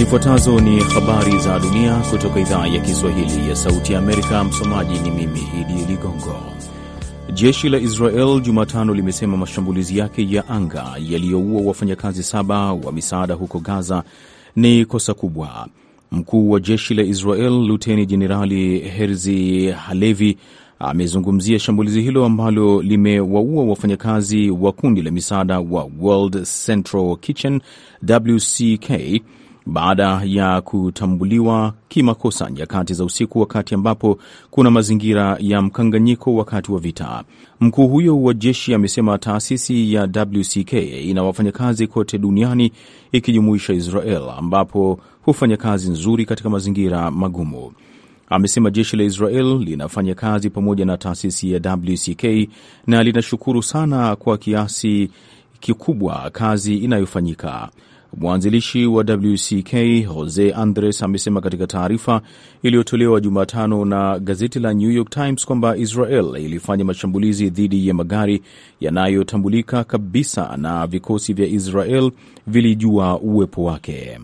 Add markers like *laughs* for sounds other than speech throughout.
Zifuatazo ni habari za dunia kutoka idhaa ya Kiswahili ya Sauti ya Amerika. Msomaji ni mimi hidi Ligongo. Jeshi la Israel Jumatano limesema mashambulizi yake ya anga yaliyoua wafanyakazi saba wa misaada huko Gaza ni kosa kubwa. Mkuu wa jeshi la Israel Luteni Jenerali Herzi Halevi amezungumzia shambulizi hilo ambalo limewaua wafanyakazi wa kundi la misaada wa World Central Kitchen WCK baada ya kutambuliwa kimakosa nyakati za usiku, wakati ambapo kuna mazingira ya mkanganyiko wakati wa vita. Mkuu huyo wa jeshi amesema taasisi ya WCK ina wafanyakazi kote duniani ikijumuisha Israel, ambapo hufanya kazi nzuri katika mazingira magumu. Amesema jeshi la Israel linafanya kazi pamoja na taasisi ya WCK na linashukuru sana kwa kiasi kikubwa kazi inayofanyika. Mwanzilishi wa WCK Jose Andres amesema katika taarifa iliyotolewa Jumatano na gazeti la New York Times kwamba Israel ilifanya mashambulizi dhidi ya magari yanayotambulika kabisa na vikosi vya Israel vilijua uwepo wake.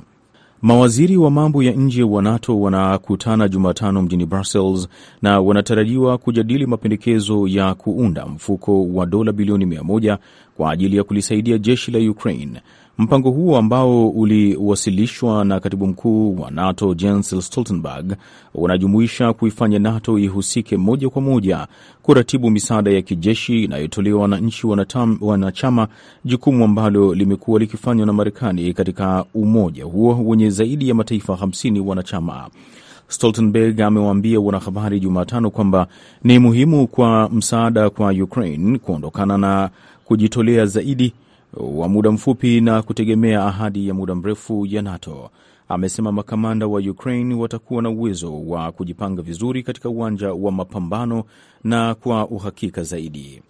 Mawaziri wa mambo ya nje wa NATO wanakutana Jumatano mjini Brussels na wanatarajiwa kujadili mapendekezo ya kuunda mfuko wa dola bilioni 1 kwa ajili ya kulisaidia jeshi la Ukraine. Mpango huo ambao uliwasilishwa na katibu mkuu wa NATO Jens Stoltenberg unajumuisha kuifanya NATO ihusike moja kwa moja kuratibu misaada ya kijeshi inayotolewa na nchi wanachama, jukumu ambalo limekuwa likifanywa na Marekani katika umoja huo wenye zaidi ya mataifa 50 wanachama. Stoltenberg amewaambia wanahabari Jumatano kwamba ni muhimu kwa msaada kwa Ukraine kuondokana na kujitolea zaidi wa muda mfupi na kutegemea ahadi ya muda mrefu ya NATO. Amesema makamanda wa Ukraine watakuwa na uwezo wa kujipanga vizuri katika uwanja wa mapambano na kwa uhakika zaidi.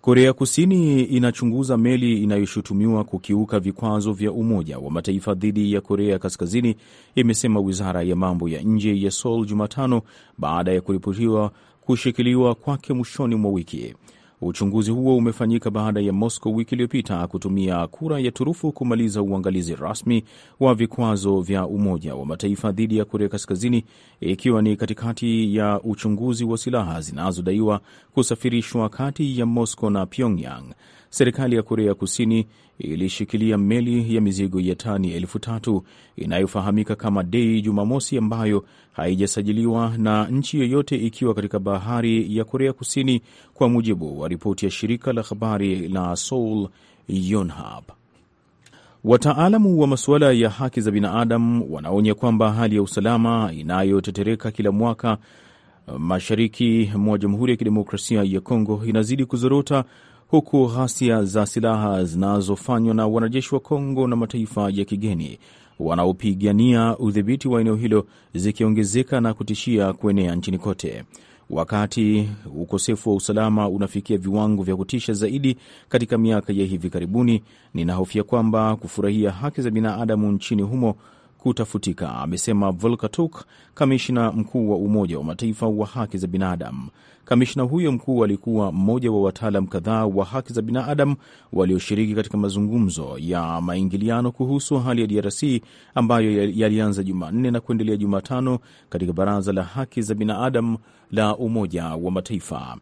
Korea Kusini inachunguza meli inayoshutumiwa kukiuka vikwazo vya Umoja wa Mataifa dhidi ya Korea Kaskazini, imesema wizara ya mambo ya nje ya Seoul Jumatano, baada ya kuripotiwa kushikiliwa kwake mwishoni mwa wiki. Uchunguzi huo umefanyika baada ya Moscow wiki iliyopita kutumia kura ya turufu kumaliza uangalizi rasmi wa vikwazo vya Umoja wa Mataifa dhidi ya Korea Kaskazini, ikiwa ni katikati ya uchunguzi wa silaha zinazodaiwa kusafirishwa kati ya Moscow na Pyongyang. Serikali ya Korea Kusini ilishikilia meli ya mizigo ya tani elfu tatu inayofahamika kama Dei Jumamosi, ambayo haijasajiliwa na nchi yoyote, ikiwa katika bahari ya Korea Kusini, kwa mujibu wa ripoti ya shirika la habari la Seoul Yonhap. Wataalamu wa masuala ya haki za binadamu wanaonya kwamba hali ya usalama inayotetereka kila mwaka mashariki mwa Jamhuri ya Kidemokrasia ya Kongo inazidi kuzorota huku ghasia za silaha zinazofanywa na wanajeshi wa Kongo na mataifa ya kigeni wanaopigania udhibiti wa eneo hilo zikiongezeka na kutishia kuenea nchini kote. Wakati ukosefu wa usalama unafikia viwango vya kutisha zaidi katika miaka ya hivi karibuni, ninahofia kwamba kufurahia haki za binadamu nchini humo kutafutika, amesema Volker Turk, kamishna mkuu wa Umoja wa Mataifa wa haki za binadamu. Kamishna huyo mkuu alikuwa mmoja wa wataalam kadhaa wa haki za binadamu walioshiriki katika mazungumzo ya maingiliano kuhusu hali ya DRC ambayo yalianza Jumanne na kuendelea Jumatano katika Baraza la Haki za Binadamu la Umoja wa Mataifa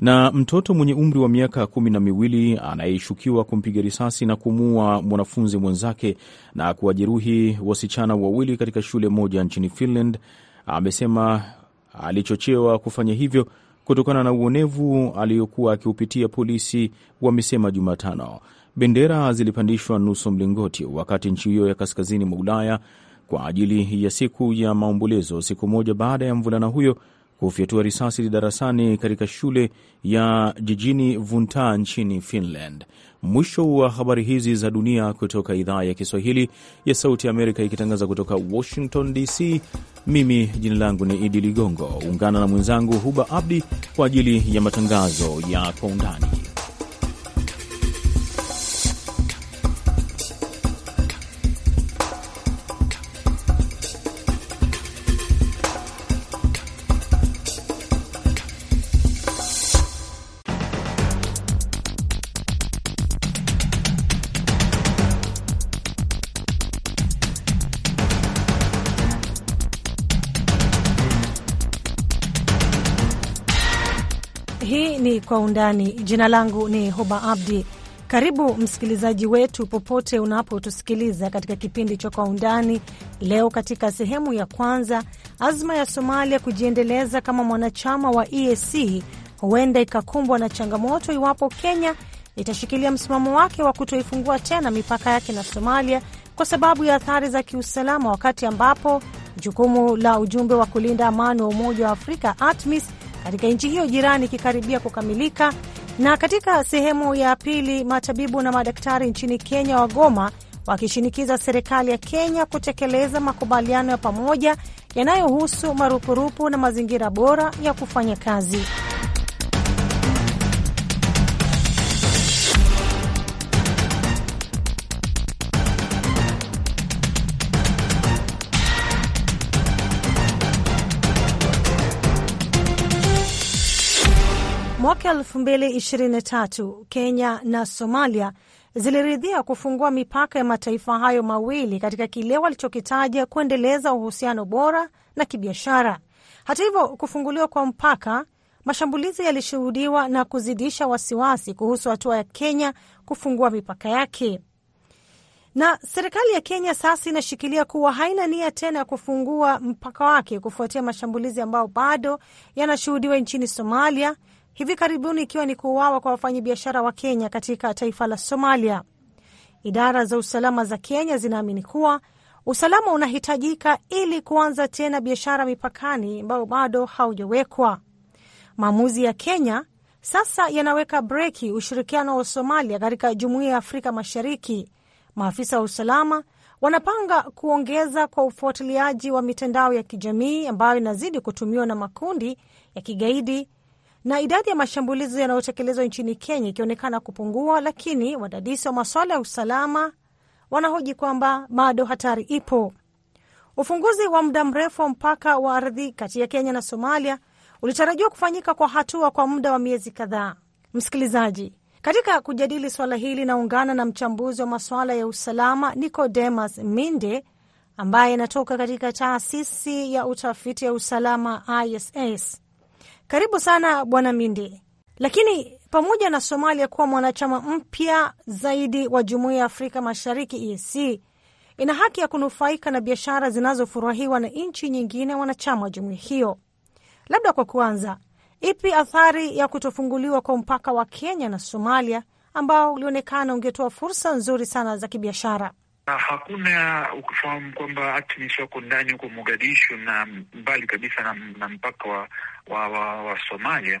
na mtoto mwenye umri wa miaka kumi na miwili anayeshukiwa kumpiga risasi na kumuua mwanafunzi mwenzake na kuwajeruhi wasichana wawili katika shule moja nchini Finland amesema alichochewa kufanya hivyo kutokana na uonevu aliyokuwa akiupitia, polisi wamesema Jumatano. Bendera zilipandishwa nusu mlingoti wakati nchi hiyo ya kaskazini mwa Ulaya kwa ajili ya siku ya maombolezo, siku moja baada ya mvulana huyo kufyatua risasi darasani katika shule ya jijini vunta nchini Finland. Mwisho wa habari hizi za dunia kutoka idhaa ya Kiswahili ya Sauti ya Amerika, ikitangaza kutoka Washington DC. Mimi jina langu ni Idi Ligongo, ungana na mwenzangu Huba Abdi kwa ajili ya matangazo ya Kwa Undani. Undani. Jina langu ni Hoba Abdi. Karibu msikilizaji wetu popote unapotusikiliza katika kipindi cha Kwa Undani. Leo katika sehemu ya kwanza, azma ya Somalia kujiendeleza kama mwanachama wa EAC huenda ikakumbwa na changamoto iwapo Kenya itashikilia msimamo wake wa kutoifungua tena mipaka yake na Somalia kwa sababu ya athari za kiusalama, wakati ambapo jukumu la ujumbe wa kulinda amani wa Umoja wa Afrika ATMIS katika nchi hiyo jirani ikikaribia kukamilika. Na katika sehemu ya pili, matabibu na madaktari nchini Kenya wagoma wakishinikiza serikali ya Kenya kutekeleza makubaliano ya pamoja yanayohusu marupurupu na mazingira bora ya kufanya kazi. Mwaka elfu mbili ishirini tatu Kenya na Somalia ziliridhia kufungua mipaka ya mataifa hayo mawili katika kile walichokitaja kuendeleza uhusiano bora na kibiashara. Hata hivyo, kufunguliwa kwa mpaka, mashambulizi yalishuhudiwa na kuzidisha wasiwasi kuhusu hatua ya Kenya kufungua mipaka yake. Na serikali ya Kenya sasa inashikilia kuwa haina nia tena ya kufungua mpaka wake kufuatia mashambulizi ambayo bado yanashuhudiwa nchini Somalia hivi karibuni, ikiwa ni kuuawa kwa wafanyabiashara wa Kenya katika taifa la Somalia. Idara za usalama za Kenya zinaamini kuwa usalama unahitajika ili kuanza tena biashara mipakani ambayo bado haujawekwa. Maamuzi ya Kenya sasa yanaweka breki ushirikiano wa Somalia katika jumuiya ya Afrika Mashariki. Maafisa wa usalama wanapanga kuongeza kwa ufuatiliaji wa mitandao ya kijamii ambayo inazidi kutumiwa na makundi ya kigaidi na idadi ya mashambulizi yanayotekelezwa nchini Kenya ikionekana kupungua, lakini wadadisi wa masuala ya usalama wanahoji kwamba bado hatari ipo. Ufunguzi wa muda mrefu wa mpaka wa ardhi kati ya Kenya na Somalia ulitarajiwa kufanyika kwa hatua kwa muda wa miezi kadhaa. Msikilizaji, katika kujadili swala hili naungana na mchambuzi wa masuala ya usalama nicodemas Minde ambaye anatoka katika taasisi ya utafiti ya usalama ISS. Karibu sana Bwana Mindi. Lakini pamoja na Somalia kuwa mwanachama mpya zaidi wa Jumuiya ya Afrika Mashariki EAC, ina haki ya kunufaika na biashara zinazofurahiwa na nchi nyingine wanachama wa jumuiya hiyo. Labda kwa kuanza, ipi athari ya kutofunguliwa kwa mpaka wa Kenya na Somalia ambao ulionekana ungetoa fursa nzuri sana za kibiashara? Na ah, hakuna ukifahamu kwamba activist wako ndani huko Mogadishu na mbali kabisa na, na mpaka wa, wa, wa, wa Somalia,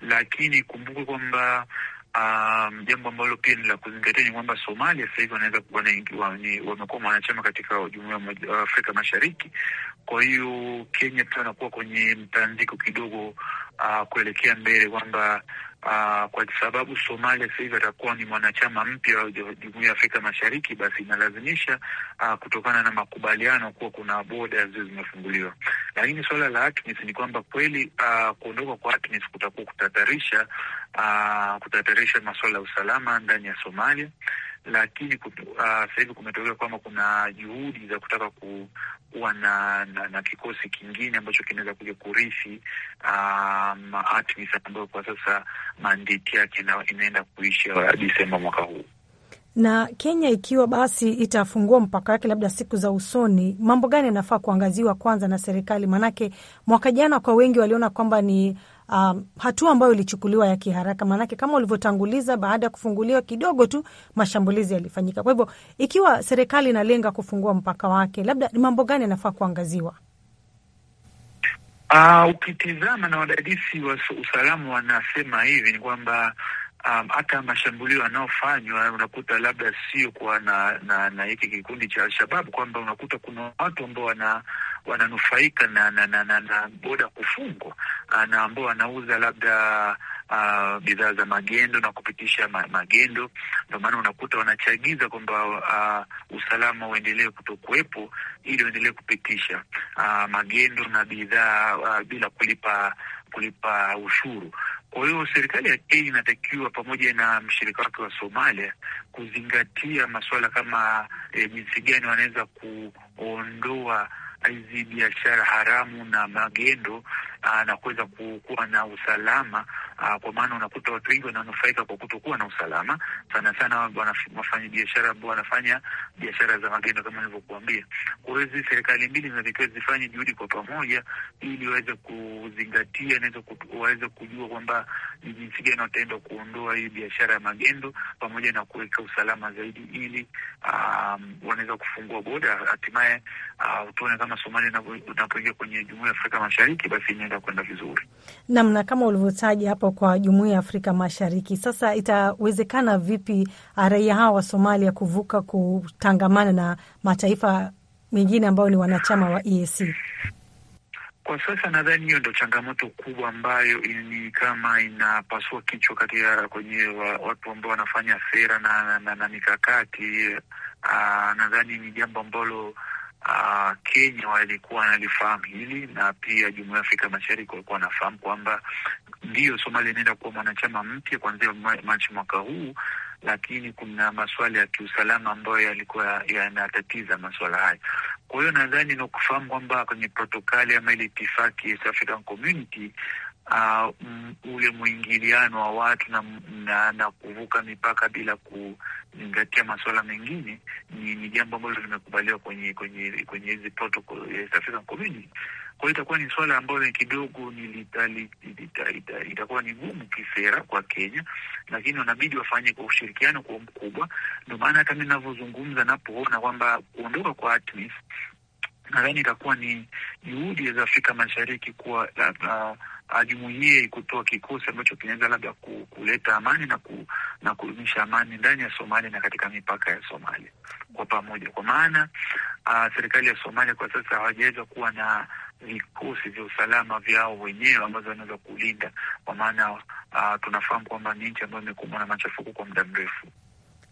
lakini kumbuke kwamba um, jambo ambalo pia ni la kuzingatia ni kwamba Somalia sasa hivi wanaweza wamekuwa mwanachama katika jumuiya ya Afrika Mashariki. Kwa hiyo Kenya pia anakuwa kwenye mtanziko kidogo uh, kuelekea mbele kwamba uh, kwa sababu Somalia sasa hivi atakuwa ni mwanachama mpya wa Jumuiya ya Afrika Mashariki, basi inalazimisha uh, kutokana na makubaliano kuwa kuna boda zio zimefunguliwa. Lakini suala la ATMIS ni kwamba kweli uh, kuondoka kwa ATMIS kutakuwa kutatarisha uh, kutatarisha masuala ya usalama ndani ya Somalia lakini uh, sasa hivi uh, kumetokea kwamba kuna juhudi za kutaka kuwa na, na, na kikosi kingine ambacho kinaweza kuja kurithi um, ATMIS ambayo kwa sasa mandeti yake inaenda kuisha Desemba mwaka huu na Kenya ikiwa basi itafungua mpaka wake labda siku za usoni, mambo gani yanafaa kuangaziwa kwanza na serikali? Maanake mwaka jana kwa wengi waliona kwamba ni um, hatua ambayo ilichukuliwa ya kiharaka, maanake kama ulivyotanguliza, baada ya kufunguliwa kidogo tu mashambulizi yalifanyika. Kwa hivyo ikiwa serikali inalenga kufungua mpaka wake, labda ni mambo gani yanafaa kuangaziwa? Uh, ukitizama na wadadisi wa usalama wanasema hivi ni kwamba Um, hata mashambulio yanayofanywa unakuta labda sio kwa na na, na hiki kikundi cha Alshababu, kwamba unakuta kuna watu ambao wana wananufaika na na, na, na, na boda kufungwa uh, na ambao wanauza labda Uh, bidhaa za magendo na kupitisha ma magendo. Ndio maana unakuta wanachagiza kwamba uh, usalama uendelee kutokuwepo ili uendelee kupitisha uh, magendo na bidhaa uh, bila kulipa kulipa ushuru. Kwa hiyo serikali ya Kenya inatakiwa pamoja na mshirika wake wa Somalia kuzingatia masuala kama e, jinsi gani wanaweza kuondoa hizi biashara haramu na magendo uh, na kuweza kuwa na usalama uh, kwa maana unakuta watu wengi wananufaika kwa kutokuwa na usalama sana sana, wafanya biashara ambao wanafanya biashara za magendo kama nilivyokuambia. Kwa hiyo hizi serikali mbili zinatakiwa zifanye juhudi kwa pamoja, ili waweze kuzingatia waweze kujua kwamba ni jinsi gani wataenda kuondoa hii biashara ya magendo pamoja na kuweka usalama zaidi, ili ah, wanaweza kufungua boda hatimaye tuone kama Somalia inapoingia kwenye jumuiya ya Afrika Mashariki, basi inaenda kwenda vizuri nam, na kama ulivyotaja hapo kwa jumuiya ya Afrika Mashariki. Sasa itawezekana vipi ah, raia hawa wa Somalia kuvuka kutangamana na mataifa mengine ambayo ni wanachama wa EAC? Kwa sasa nadhani hiyo ndo changamoto kubwa ambayo ni kama inapasua kichwa kati ya kwenye wa, watu ambao wanafanya sera na, na, na, na mikakati. Ah, nadhani ni jambo ambalo Ah, Kenya walikuwa wanalifahamu hili na pia jumuiya ya Afrika Mashariki walikuwa wanafahamu kwamba ndiyo Somalia inaenda kuwa mwanachama mpya kuanzia Machi mwaka huu, lakini kuna masuala ya kiusalama ambayo yalikuwa yanatatiza masuala hayo. Kwa hiyo nadhani ni kufahamu kwamba kwenye protokali ama ile itifaki East African Community uh, ule mwingiliano wa watu na, na, na kuvuka mipaka bila kuzingatia masuala mengine ni, ni jambo ambalo limekubaliwa kwenye kwenye kwenye hizi protocol ya East African Community. Kwa hiyo itakuwa ni swala ambalo kidogo itakuwa ni gumu kisera kwa Kenya, lakini wanabidi wafanye kwa ushirikiano kwa mkubwa. Ndio maana hata mi navyozungumza, napoona kwamba kuondoka kwa ATMIS nadhani itakuwa ni juhudi za Afrika Mashariki kuwa uh, jumuiya kutoa kikosi ambacho kinaweza labda kuleta amani na ku, na kudumisha amani ndani ya Somalia na katika mipaka ya Somalia kwa pamoja, kwa maana ah, serikali ya Somalia kwa sasa hawajaweza kuwa na vikosi vya usalama vyao wenyewe ambazo wanaweza kulinda, kwa maana ah, tunafahamu kwamba ni nchi ambayo imekumbwa na machafuko kwa muda mrefu.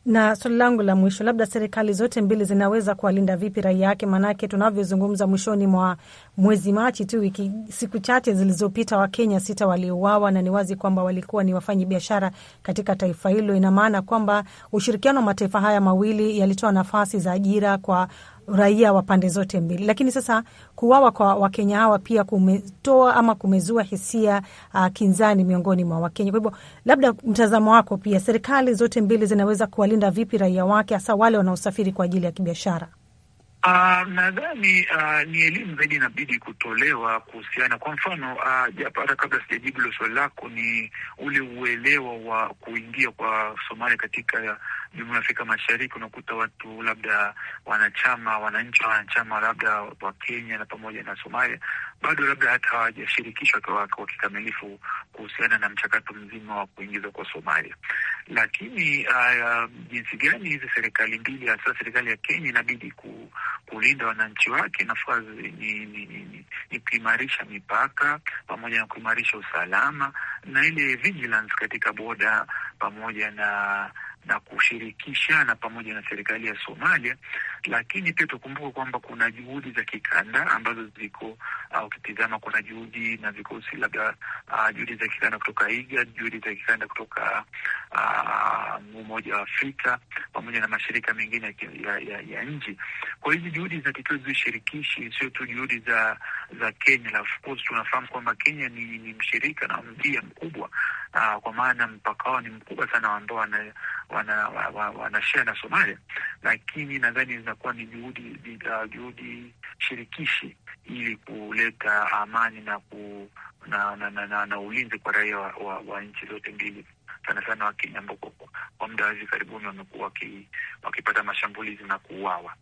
Na swali langu la mwisho, labda serikali zote mbili zinaweza kuwalinda vipi raia yake? Maanake tunavyozungumza mwishoni mwa mwezi Machi tu, wiki siku chache zilizopita, Wakenya sita waliuawa, na ni wazi kwamba walikuwa ni wafanyi biashara katika taifa hilo. Ina maana kwamba ushirikiano wa mataifa haya mawili yalitoa nafasi za ajira kwa raia wa pande zote mbili. Lakini sasa kuwawa kwa Wakenya hawa pia kumetoa ama kumezua hisia uh, kinzani miongoni mwa Wakenya. Kwa hivyo, labda mtazamo wako pia, serikali zote mbili zinaweza kuwalinda vipi raia wake, hasa wale wanaosafiri kwa ajili ya kibiashara? Uh, nadhani uh, ni elimu zaidi inabidi kutolewa kuhusiana, kwa mfano ah, japo, hata kabla sijajibu hilo swali lako, ni ule uelewa wa kuingia kwa Somalia katika jumuiya ya Afrika Mashariki. Unakuta watu labda wanachama, wananchi wa wanachama labda wa Kenya na pamoja na Somalia bado labda hata hawajashirikishwa kwa kikamilifu kuhusiana na mchakato mzima wa kuingizwa kwa Somalia. Lakini uh, jinsi gani hizi serikali mbili hasa serikali ya Kenya inabidi ku kulinda wananchi wake, nafaa ni, ni, ni, ni, ni kuimarisha mipaka pamoja na kuimarisha usalama na ile vigilance katika boda pamoja na na kushirikishana pamoja na serikali ya Somalia lakini pia tukumbuke kwamba kuna juhudi za kikanda ambazo ziko, uh, ukitizama kuna juhudi na vikosi labda, uh, juhudi za kikanda kutoka iga juhudi za kikanda kutoka uh, Umoja wa Afrika pamoja na mashirika mengine ya, ya, ya nchi. Kwa hizi juhudi zinatakiwa ziwe zishirikishi sio tu juhudi za za Kenya. Of course tunafahamu kwamba Kenya ni, ni mshirika na mpia mkubwa uh, kwa maana mpaka wao ni mkubwa sana ambao wanashea wana, wana, wana na Somalia lakini nadhani zinakuwa ni juhudi uh, juhudi shirikishi ili kuleta amani na ku, na, na, na, na, na ulinzi kwa raia wa, wa, wa nchi zote mbili sana sana wa Kenya ambao kwa muda wa hivi karibuni wamekuwa wakipata mashambulizi na kuuawa.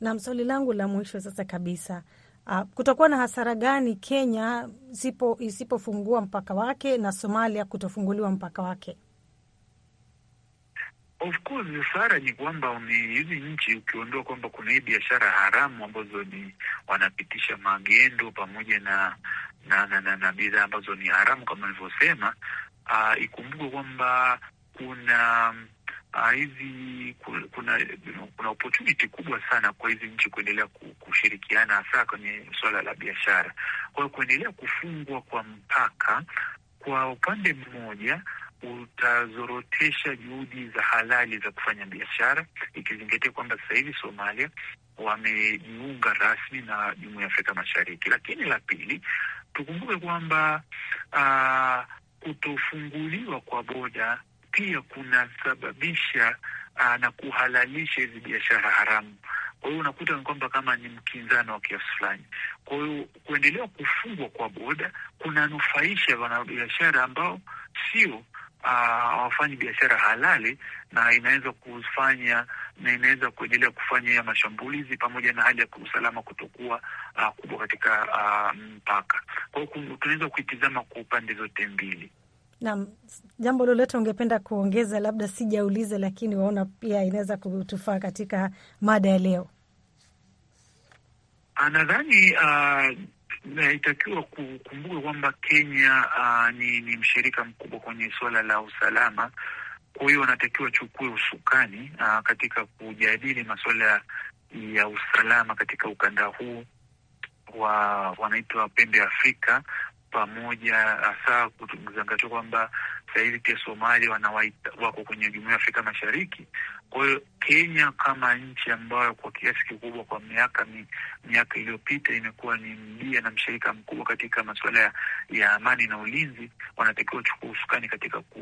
Naam, swali langu la mwisho sasa kabisa, uh, kutakuwa na hasara gani Kenya isipofungua mpaka wake na Somalia kutofunguliwa mpaka wake? Of course sara ni kwamba hizi nchi ukiondoa kwamba kuna hii biashara haramu ambazo ni wanapitisha magendo pamoja na na, na, na, na bidhaa ambazo ni haramu kama nilivyosema. Uh, ikumbuke kwamba kuna ah, hizi uh, kuna, kuna opportunity kubwa sana kwa hizi nchi kuendelea kushirikiana hasa kwenye suala la biashara. Kwa hiyo kuendelea kufungwa kwa mpaka kwa upande mmoja utazorotesha juhudi za halali za kufanya biashara, ikizingatia kwamba sasa hivi Somalia wamejiunga rasmi na Jumuiya ya Afrika Mashariki. Lakini la pili, tukumbuke kwamba uh, kutofunguliwa kwa boda pia kunasababisha uh, na kuhalalisha hizi biashara haramu. Kwa hiyo unakuta ni kwamba kama ni mkinzano wa kiasi fulani. Kwa hiyo kuendelea kufungwa kwa boda kunanufaisha wanabiashara ambao sio Ah, hawafanyi biashara halali, na inaweza kufanya na inaweza kuendelea kufanya mashambulizi pamoja na hali ya usalama kutokuwa uh, kubwa katika uh, mpaka. Kwa hiyo tunaweza kuitizama kwa upande zote mbili. Naam, jambo lolote ungependa kuongeza? Labda sijauliza, lakini waona pia inaweza kutufaa katika mada ya leo. Nadhani uh, na kukumbuka kwamba Kenya uh, ni, ni mshirika mkubwa kwenye suala la usalama. Kwa hiyo wanatakiwa chukue usukani uh, katika kujadili masuala ya usalama katika ukanda huu wa wanaitwa pembe Afrika, pamoja hasa kuzingatiwa kwamba sahivi pia Somalia wanawaita wako kwenye jumuiya ya Afrika Mashariki. Kwa hiyo Kenya kama nchi ambayo kwa kiasi kikubwa kwa miaka mi, miaka iliyopita imekuwa ni mdia na mshirika mkubwa katika masuala ya, ya amani na ulinzi, wanatakiwa chukua usukani katika ku,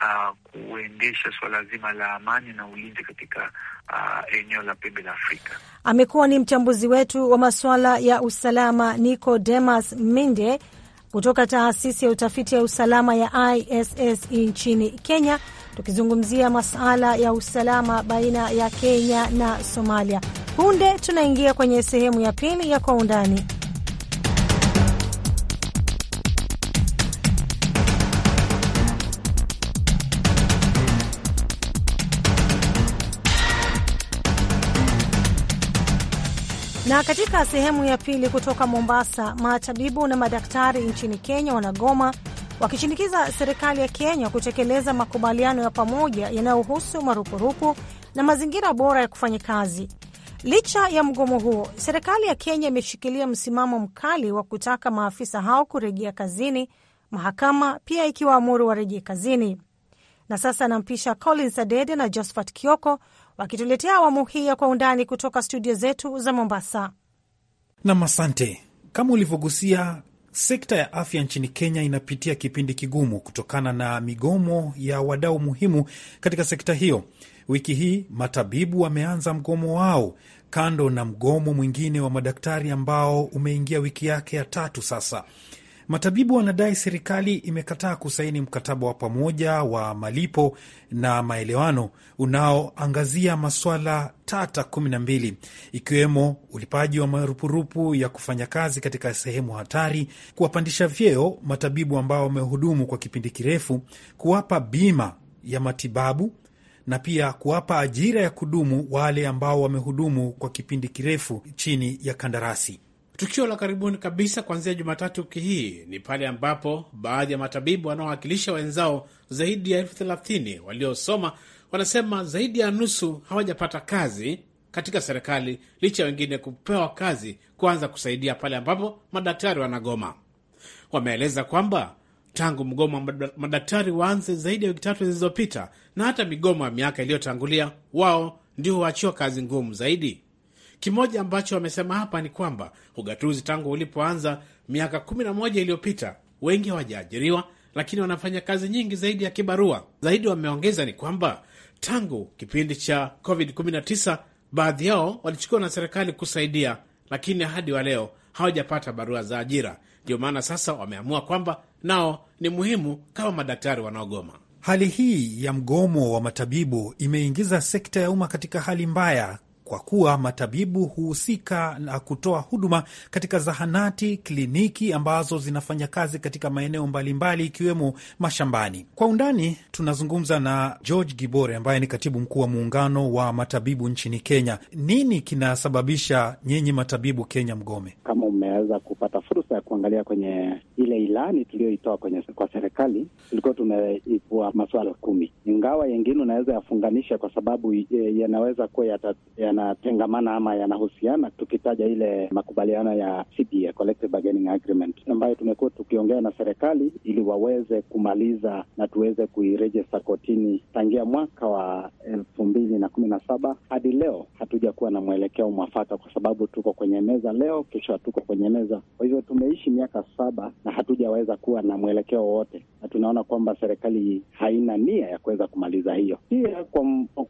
uh, kuendesha suala zima la amani na ulinzi katika uh, eneo la pembe la Afrika. Amekuwa ni mchambuzi wetu wa masuala ya usalama Demas Minde kutoka taasisi ya utafiti ya usalama ya ISS nchini Kenya, tukizungumzia masuala ya usalama baina ya Kenya na Somalia. Punde tunaingia kwenye sehemu ya pili ya Kwa Undani. Na katika sehemu ya pili kutoka Mombasa, matabibu na madaktari nchini Kenya wanagoma wakishinikiza serikali ya Kenya kutekeleza makubaliano ya pamoja yanayohusu marupurupu na mazingira bora ya kufanya kazi. Licha ya mgomo huo, serikali ya Kenya imeshikilia msimamo mkali wa kutaka maafisa hao kurejea kazini, mahakama pia ikiwaamuru warejee kazini. Na sasa anampisha Collins Adede na Josphat Kioko wakituletea awamu hii ya Kwa Undani kutoka studio zetu za Mombasa. Nam, asante. Kama ulivyogusia, sekta ya afya nchini Kenya inapitia kipindi kigumu kutokana na migomo ya wadau muhimu katika sekta hiyo. Wiki hii matabibu wameanza mgomo wao, kando na mgomo mwingine wa madaktari ambao umeingia wiki yake ya tatu sasa. Matabibu wanadai serikali imekataa kusaini mkataba wa pamoja wa malipo na maelewano unaoangazia maswala tata kumi na mbili ikiwemo ulipaji wa marupurupu ya kufanya kazi katika sehemu hatari, kuwapandisha vyeo matabibu ambao wamehudumu kwa kipindi kirefu, kuwapa bima ya matibabu na pia kuwapa ajira ya kudumu wale ambao wamehudumu kwa kipindi kirefu chini ya kandarasi. Tukio la karibuni kabisa kuanzia Jumatatu wiki hii ni pale ambapo baadhi ya matabibu wanaowakilisha wenzao zaidi ya elfu thelathini waliosoma wanasema zaidi ya nusu hawajapata kazi katika serikali licha ya wengine kupewa kazi kuanza kusaidia pale ambapo madaktari wanagoma. Wameeleza kwamba tangu mgomo wa madaktari waanze zaidi ya wiki tatu zilizopita, na hata migomo ya miaka iliyotangulia, wao ndio huachiwa kazi ngumu zaidi. Kimoja ambacho wamesema hapa ni kwamba ugatuzi tangu ulipoanza miaka kumi na moja iliyopita wengi hawajaajiriwa, lakini wanafanya kazi nyingi zaidi ya kibarua. Zaidi wameongeza ni kwamba tangu kipindi cha COVID-19 baadhi yao walichukiwa na serikali kusaidia, lakini hadi wa leo hawajapata barua za ajira. Ndio maana sasa wameamua kwamba nao ni muhimu kama madaktari wanaogoma. Hali hii ya mgomo wa matabibu imeingiza sekta ya umma katika hali mbaya kwa kuwa matabibu huhusika na kutoa huduma katika zahanati, kliniki ambazo zinafanya kazi katika maeneo mbalimbali ikiwemo mashambani. Kwa undani tunazungumza na George Gibore ambaye ni katibu mkuu wa muungano wa matabibu nchini Kenya. Nini kinasababisha nyinyi matabibu Kenya mgome? Kama umeweza kupata fursa ya kuangalia kwenye ile ilani tuliyoitoa kwenye kwa serikali, tulikuwa tumeipua masuala kumi, ingawa yengine unaweza yafunganisha kwa sababu eh, yanaweza kuwa yata, yana yanatengamana ama yanahusiana, tukitaja ile makubaliano ya CBA, Collective Bargaining Agreement, ambayo tumekuwa tukiongea na serikali ili waweze kumaliza na tuweze kuirejesta kotini tangia mwaka wa elfu mbili na kumi na saba hadi leo hatuja kuwa na mwelekeo mwafaka, kwa sababu tuko kwenye meza leo, kesho hatuko kwenye meza. Kwa hivyo tumeishi miaka saba na hatujaweza kuwa na mwelekeo wowote, na tunaona kwamba serikali haina nia ya kuweza kumaliza hiyo. Pia kwa,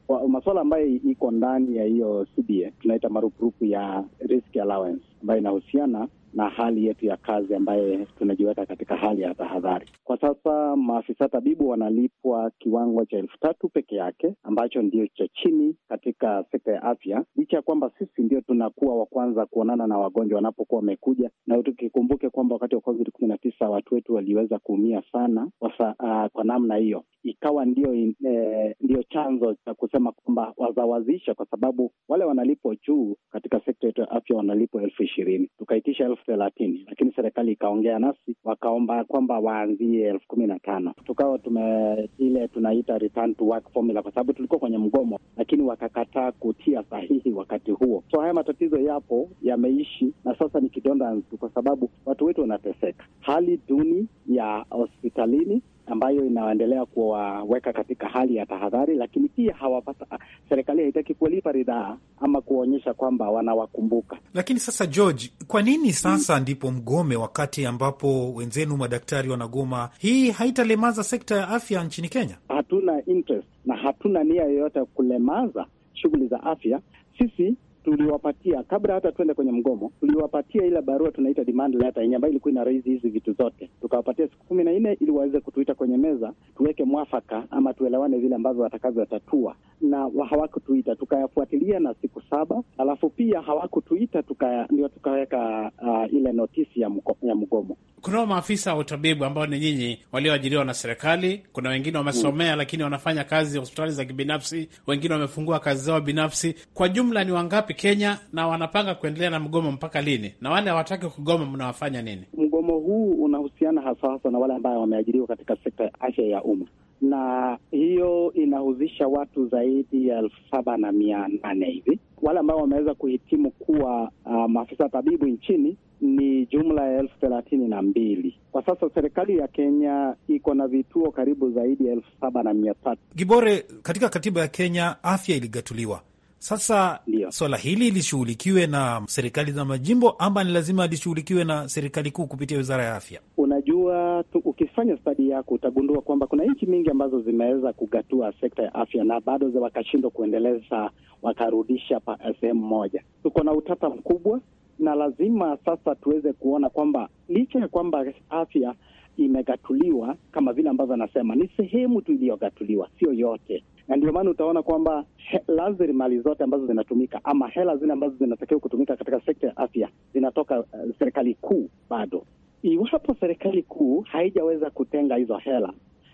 kwa masuala ambayo iko ndani ya hiyo uh, tunaita marupurupu ya risk allowance ambayo inahusiana na hali yetu ya kazi ambaye tunajiweka katika hali ya tahadhari. Kwa sasa maafisa tabibu wanalipwa kiwango cha elfu tatu peke yake ambacho ndio cha chini katika sekta ya afya, licha ya kwamba sisi ndio tunakuwa wa kwanza kuonana na wagonjwa wanapokuwa wamekuja, na tukikumbuke kwamba wakati wa COVID kumi na tisa watu wetu waliweza kuumia sana wasa, uh, ah, kwa namna hiyo ikawa ndio, eh, ndio chanzo cha kusema kwamba wazawazisha, kwa sababu wale wanalipwa juu katika sekta yetu ya afya wanalipwa elfu ishirini tukaitisha elfu thelathini lakini serikali ikaongea nasi wakaomba kwamba waanzie elfu kumi na tano tukawa tume ile tunaita return to work formula kwa sababu tulikuwa kwenye mgomo, lakini wakakataa kutia sahihi wakati huo. So haya matatizo yapo, yameishi na sasa ni kidonda, kwa sababu watu wetu wanateseka, hali duni ya hospitalini ambayo inaendelea kuwaweka katika hali ya tahadhari, lakini pia hawapata, serikali haitaki kuwalipa ridhaa ama kuonyesha kwamba wanawakumbuka. Lakini sasa, George, kwa nini sasa hmm, ndipo mgome wakati ambapo wenzenu madaktari wanagoma? Hii haitalemaza sekta ya afya nchini Kenya? Hatuna interest na hatuna nia yoyote ya kulemaza shughuli za afya. Sisi tuliwapatia kabla hata tuende kwenye mgomo, tuliwapatia ile barua tunaita demand letter yenye ambayo ilikuwa ina hizi vitu zote, tukawapatia siku kumi na nne ili waweze kutuita kwenye meza tuweke mwafaka ama tuelewane vile ambavyo watakavyotatua na hawakutuita, tukayafuatilia na siku saba, alafu pia hawakutuita, ndio tukaweka uh, ile notisi ya, ya mgomo. Kunao maafisa wa utabibu ambao ni nyinyi walioajiriwa na serikali, kuna wengine wamesomea mm, lakini wanafanya kazi hospitali za kibinafsi, wengine wamefungua kazi zao binafsi. Kwa jumla ni wangapi Kenya, na wanapanga kuendelea na mgomo mpaka lini? Na wale hawataki kugoma, mnawafanya nini? Mgomo huu unahusiana hasa hasa na wale ambayo wameajiriwa katika sekta ya afya ya umma na hiyo inahuzisha watu zaidi ya elfu saba na mia nane hivi. Wale ambao wameweza kuhitimu kuwa uh, maafisa tabibu nchini ni jumla ya elfu thelathini na mbili kwa sasa. Serikali ya Kenya iko na vituo karibu zaidi ya elfu saba na mia tatu Gibore, katika katiba ya Kenya afya iligatuliwa sasa swala hili lishughulikiwe na serikali za majimbo ama ni lazima lishughulikiwe na serikali kuu kupitia wizara ya afya? Unajua tu, ukifanya stadi yako utagundua kwamba kuna nchi mingi ambazo zimeweza kugatua sekta ya afya na bado wakashindwa kuendeleza, wakarudisha sehemu moja. Tuko na utata mkubwa, na lazima sasa tuweze kuona kwamba licha ya kwamba afya imegatuliwa kama vile ambavyo anasema, ni sehemu tu iliyogatuliwa, sio yote na ndio maana utaona kwamba rasilimali zote ambazo zinatumika ama hela zile ambazo zinatakiwa kutumika katika sekta ya afya zinatoka uh, serikali kuu bado. Iwapo serikali kuu haijaweza kutenga hizo hela,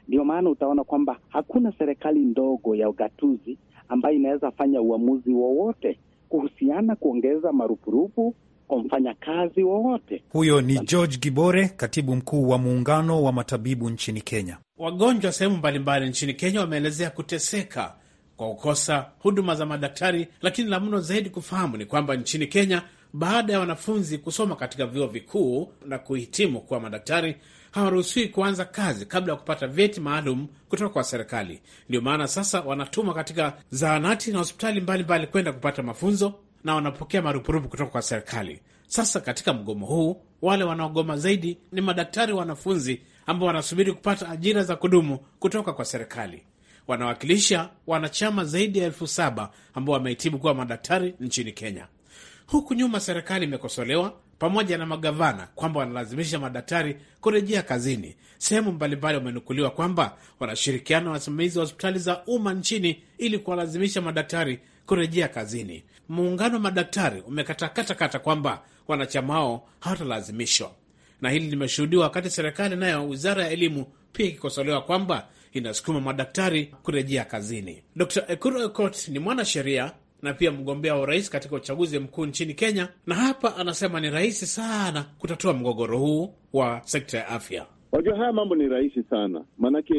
ndio maana utaona kwamba hakuna serikali ndogo ya ugatuzi ambayo inaweza fanya uamuzi wowote kuhusiana kuongeza marupurupu kwa mfanyakazi wowote. Huyo ni George Gibore, katibu mkuu wa muungano wa matabibu nchini Kenya. Wagonjwa sehemu mbalimbali nchini Kenya wameelezea kuteseka kwa kukosa huduma za madaktari, lakini la mno zaidi kufahamu ni kwamba nchini Kenya, baada ya wanafunzi kusoma katika vyuo vikuu na kuhitimu kuwa madaktari hawaruhusiwi kuanza kazi kabla ya kupata vyeti maalum kutoka kwa serikali. Ndio maana sasa wanatumwa katika zahanati na hospitali mbalimbali kwenda kupata mafunzo na wanapokea marupurupu kutoka kwa serikali. Sasa katika mgomo huu wale wanaogoma zaidi ni madaktari wanafunzi ambao wanasubiri kupata ajira za kudumu kutoka kwa serikali. Wanawakilisha wanachama zaidi ya elfu saba ambao wamehitimu kuwa madaktari nchini Kenya. Huku nyuma serikali imekosolewa pamoja na magavana kwamba wanalazimisha madaktari kurejea kazini. Sehemu mbalimbali wamenukuliwa kwamba wanashirikiana na wasimamizi wa hospitali za umma nchini ili kuwalazimisha madaktari kurejea kazini muungano wa madaktari umekataa katakata kwamba wanachama wao hawatalazimishwa, na hili limeshuhudiwa wakati serikali nayo wizara ya elimu pia ikikosolewa kwamba inasukuma madaktari kurejea kazini. Dr Ekuru Aukot ni mwanasheria na pia mgombea wa urais katika uchaguzi mkuu nchini Kenya, na hapa anasema ni rahisi sana kutatua mgogoro huu wa sekta ya afya. Wajua, haya mambo ni rahisi sana maanake,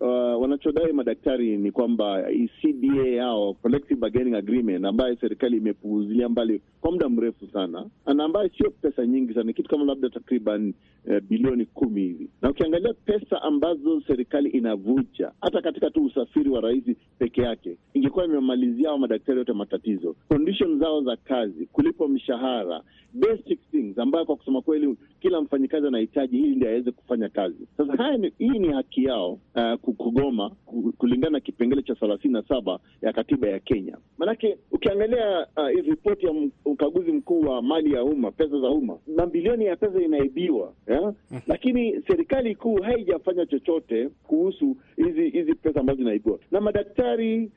uh, wanachodai madaktari ni kwamba CBA yao collective bargaining agreement, ambayo serikali imepuuzilia mbali kwa muda mrefu sana na ambayo sio pesa nyingi sana, kitu kama labda takriban uh, bilioni kumi hivi, na ukiangalia pesa ambazo serikali inavuja hata katika tu usafiri wa rais peke yake, ingekuwa imemalizia hao madaktari yote matatizo, condition zao za kazi, kulipo mshahara, basic things ambayo kwa kusema kweli kila mfanyikazi anahitaji ili ndio aweze kufanya kazi. Sasa haya ni, hii ni haki yao uh, kugoma kulingana na kipengele cha thelathini na saba ya katiba ya Kenya. Maanake ukiangalia uh, ripoti ya ukaguzi mkuu wa mali ya umma, pesa za umma, mabilioni ya pesa inaibiwa yeah? *laughs* Lakini serikali kuu haijafanya chochote kuhusu hizi hizi pesa ambazo zinaibiwa na madaktari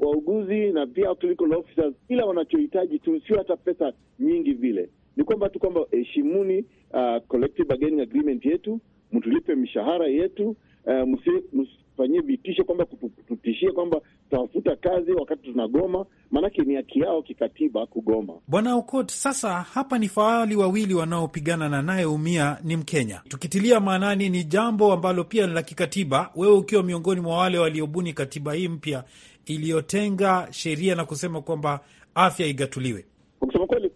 wauguzi na pia clinical officers, ila wanachohitaji tu sio hata pesa nyingi vile ni kwamba tu kwamba heshimuni eh, uh, ah, collective bargaining agreement yetu, mtulipe mishahara yetu, uh, msifanyie vitisho kwamba kututishie kwamba tutafuta kazi wakati tunagoma, maanake ni haki yao kikatiba kugoma. Bwana Okot, sasa hapa ni fahali wawili wanaopigana na naye umia ni Mkenya. Tukitilia maanani, ni jambo ambalo pia ni la kikatiba, wewe ukiwa miongoni mwa wale waliobuni katiba hii mpya iliyotenga sheria na kusema kwamba afya igatuliwe. Kwa kusema kweli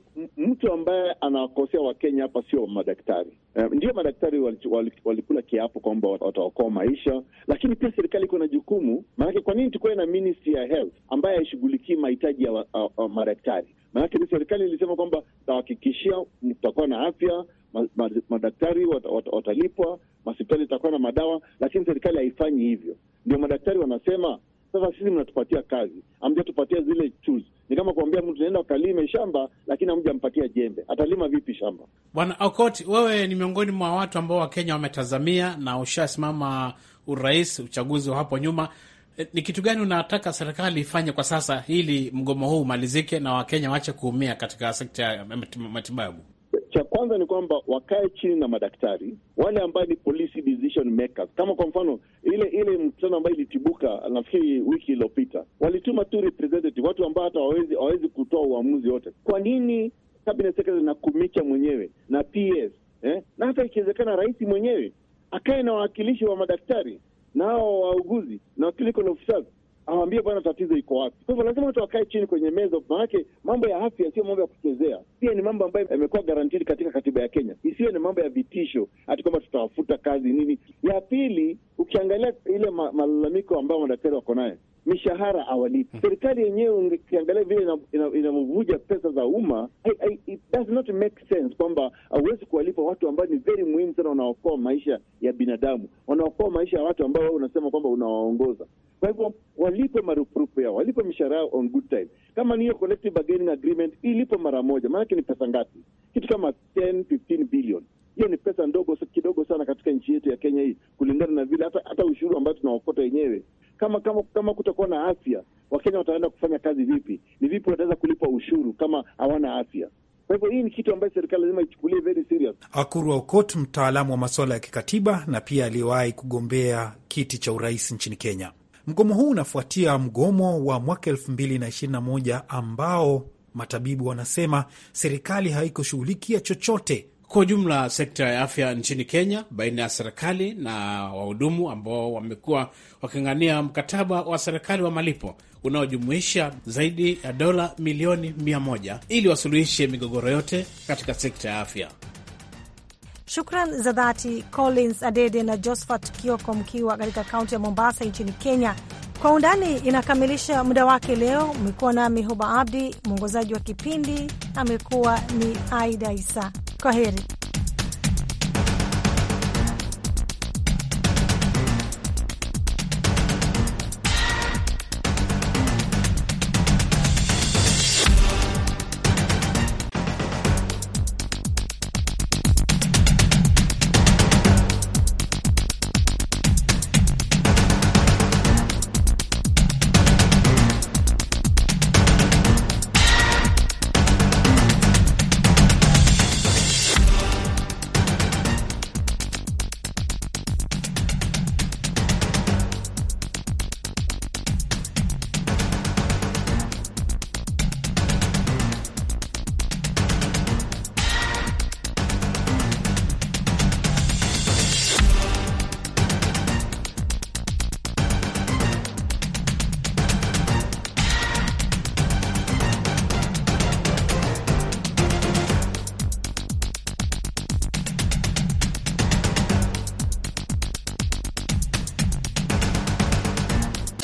ambaye anawakosea Wakenya hapa sio madaktari. Um, ndio madaktari walikula wali, wali kiapo kwamba wataokoa maisha, lakini pia serikali iko na jukumu. Maanake kwa nini tukuwe na ministry ya health ambaye haishughulikii mahitaji ya madaktari? Maanake serikali ilisema kwamba tahakikishia mtakuwa na afya madaktari wat, wat, watalipwa, mahospitali itakuwa na madawa, lakini serikali haifanyi hivyo. Ndio madaktari wanasema sasa sisi mnatupatia kazi, hamjatupatia zile tools. Ni kama kuambia mtu naenda ukalime shamba, lakini hamjampatia jembe, atalima vipi shamba? Bwana Okot, wewe ni miongoni mwa watu ambao Wakenya wametazamia na ushasimama urais uchaguzi wa hapo nyuma. Eh, ni kitu gani unataka serikali ifanye kwa sasa ili mgomo huu umalizike na Wakenya waache kuumia katika sekta ya matibabu? cha kwanza ni kwamba wakae chini na madaktari wale ambao ni policy decision makers. Kama kwa mfano ile ile mkutano ambayo ilitibuka nafikiri wiki iliyopita, walituma tu representative, watu ambao hata hawawezi kutoa uamuzi wote. Kwa nini cabinet secretary na kumicha mwenyewe na PS eh? na hata ikiwezekana rais mwenyewe akae na wawakilishi wa madaktari na hao wauguzi na clinical officers awambie bwana, tatizo iko wapi. Kwa hivyo lazima watu wakae chini kwenye meza, maanake mambo ya afya sio mambo ya kuchezea, pia ni mambo ambayo yamekuwa garantii katika katiba ya Kenya, isiyo ni mambo ya vitisho hati kwamba tutawafuta kazi nini. Ya pili, ukiangalia ile ma malalamiko ambayo madaktari wako naye mishahara awalipi hmm. Serikali yenyewe ukiangalia vile inavyovuja pesa za umma, it does not make sense kwamba hauwezi kuwalipa watu ambao ni very muhimu sana, wanaokoa maisha ya binadamu, wanaokoa maisha ya watu ambao wewe unasema kwamba unawaongoza. Kwa hivyo walipe marupurupu yao, walipe mishahara yao on good time. Kama ni hiyo collective bargaining agreement ilipo mara moja, maanake ni pesa ngapi? Kitu kama 10 15 billion. Hiyo ni pesa ndogo kidogo sana katika nchi yetu ya Kenya hii, kulingana na vile hata hata ushuru ambao tunaokota wenyewe. Kama kama kama kutakuwa na afya, Wakenya wataenda kufanya kazi vipi? Ni vipi wataweza kulipa ushuru kama hawana afya? Kwa hivyo hii ni kitu ambayo serikali lazima ichukulie very serious. Akuru Aukot, mtaalamu wa masuala ya kikatiba na pia aliwahi kugombea kiti cha urais nchini Kenya. Mgomo huu unafuatia mgomo wa mwaka 2021 ambao matabibu wanasema serikali haikushughulikia chochote. Kwa ujumla, sekta ya afya nchini Kenya baina ya serikali na wahudumu ambao wamekuwa waking'ang'ania mkataba wa serikali wa malipo unaojumuisha zaidi ya dola milioni 1 ili wasuluhishe migogoro yote katika sekta ya afya. Shukran za dhati Collins Adede na Josphat Kioko mkiwa katika kaunti ya Mombasa nchini Kenya. Kwa Undani inakamilisha muda wake leo. Umekuwa nami Huba Abdi, mwongozaji wa kipindi amekuwa ni Aida Isa. Kwa heri.